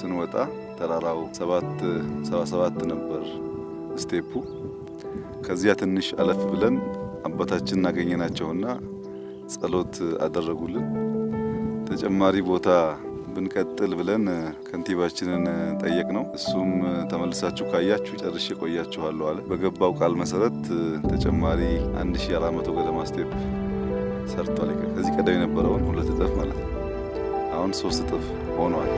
ስንወጣ ተራራው ሰባት ሰባ ሰባት ነበር ስቴፑ። ከዚያ ትንሽ አለፍ ብለን አባታችን አገኘናቸውና ጸሎት አደረጉልን። ተጨማሪ ቦታ ብንቀጥል ብለን ከንቲባችንን ጠየቅ ነው። እሱም ተመልሳችሁ ካያችሁ ጨርሼ ቆያችኋለሁ አለ። በገባው ቃል መሰረት ተጨማሪ 1400 ገደማ ስቴፕ ሰርቷል። ከዚህ ቀደም የነበረውን ሁለት እጥፍ ማለት ነው። አሁን ሶስት እጥፍ ሆኗል።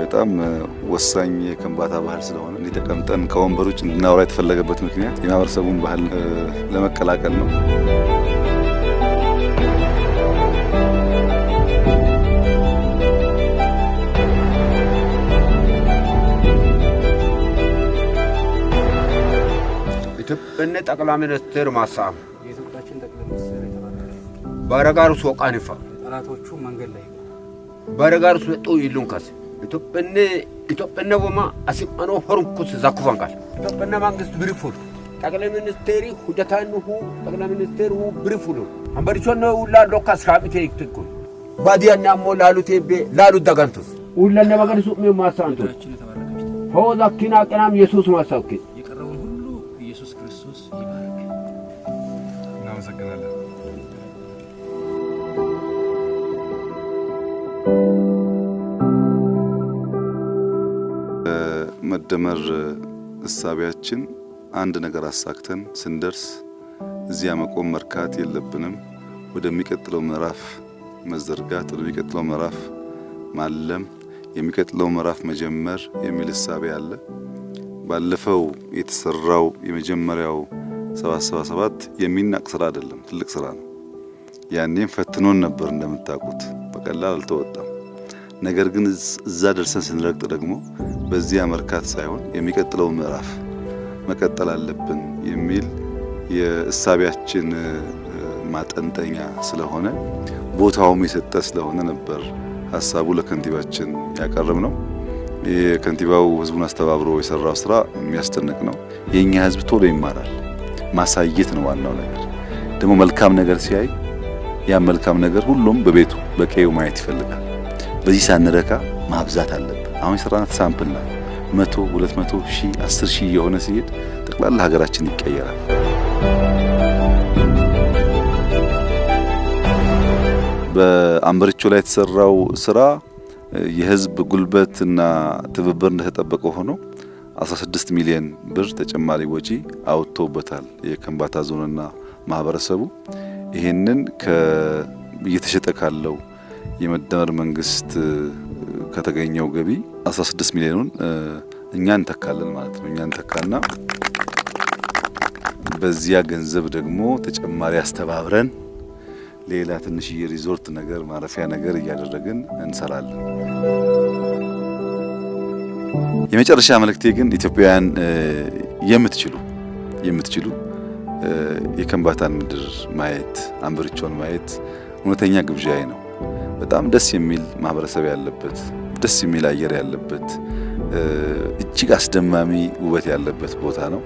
በጣም ወሳኝ የክንባታ ባህል ስለሆነ እንዲተቀምጠን ከወንበሮች እንድናወራ የተፈለገበት ምክንያት የማህበረሰቡን ባህል ለመቀላቀል ነው። እነ ጠቅላይ ሚኒስትር ማሳ የኢትዮጵያችን ውስጥ ሚኒስትር የተባረከ ባረጋሩ ጠላቶቹ መንገድ ላይ ውስጥ ስጡ ይሉን ካስ ኢትዮጵያነ ኢትዮጵያነ ወማ አሲማኖ ሆርኩስ ዛኩፋንካል ኢትዮጵያነ መንግስት ብሪፉል ጠቅላይ ሚኒስቴሪ ሁደታኑ ሁ ጠቅላይ ሚኒስቴር ሁ ብሪፉሉ ነው ሁላ ዶካ ስካሚቴ ይክትኩ ባዲያና ሞ ላሉቴ ቤ ላሉ ደጋንቱስ ሁላ ለማገሪሱ ምን ማሳንቱ ሆዛ ኪና ቀናም ኢየሱስ ማሳውኪ መደመር እሳቢያችን አንድ ነገር አሳክተን ስንደርስ እዚያ መቆም መርካት የለብንም። ወደሚቀጥለው ምዕራፍ መዘርጋት፣ ወደሚቀጥለው ምዕራፍ ማለም፣ የሚቀጥለው ምዕራፍ መጀመር የሚል እሳቤ አለ። ባለፈው የተሰራው የመጀመሪያው 777 የሚናቅ ስራ አይደለም፣ ትልቅ ስራ ነው። ያኔም ፈትኖን ነበር እንደምታውቁት፣ በቀላል አልተወጣም። ነገር ግን እዛ ደርሰን ስንረግጥ ደግሞ በዚያ መርካት ሳይሆን የሚቀጥለው ምዕራፍ መቀጠል አለብን የሚል የእሳቢያችን ማጠንጠኛ ስለሆነ ቦታውም የሰጠ ስለሆነ ነበር ሀሳቡ ለከንቲባችን ያቀርብ ነው። የከንቲባው ህዝቡን አስተባብሮ የሰራው ስራ የሚያስደንቅ ነው። የእኛ ህዝብ ቶሎ ይማራል። ማሳየት ነው ዋናው ነገር። ደግሞ መልካም ነገር ሲያይ ያ መልካም ነገር ሁሉም በቤቱ በቀዩ ማየት ይፈልጋል። በዚህ ሳንረካ ማብዛት አለብን። አሁን የሰራናት ሳምፕል ናት። መቶ ሁለት መቶ ሺህ አስር ሺህ የሆነ ሲሄድ ጠቅላላ ሀገራችን ይቀየራል። በአምበሪቾ ላይ የተሰራው ስራ የህዝብ ጉልበትና ትብብር እንደተጠበቀ ሆኖ 16 ሚሊዮን ብር ተጨማሪ ወጪ አውጥቶበታል። የከንባታ ዞንና ማህበረሰቡ ይህንን እየተሸጠ ካለው የመደመር መንግስት ከተገኘው ገቢ 16 ሚሊዮኑን እኛ እንተካለን ማለት ነው። እኛ እንተካና በዚያ ገንዘብ ደግሞ ተጨማሪ አስተባብረን ሌላ ትንሽዬ ሪዞርት ነገር ማረፊያ ነገር እያደረግን እንሰራለን። የመጨረሻ መልእክቴ ግን ኢትዮጵያውያን የምትችሉ የምትችሉ የከንባታን ምድር ማየት አንበሪቿን ማየት እውነተኛ ግብዣዬ ነው። በጣም ደስ የሚል ማህበረሰብ ያለበት ደስ የሚል አየር ያለበት እጅግ አስደማሚ ውበት ያለበት ቦታ ነው።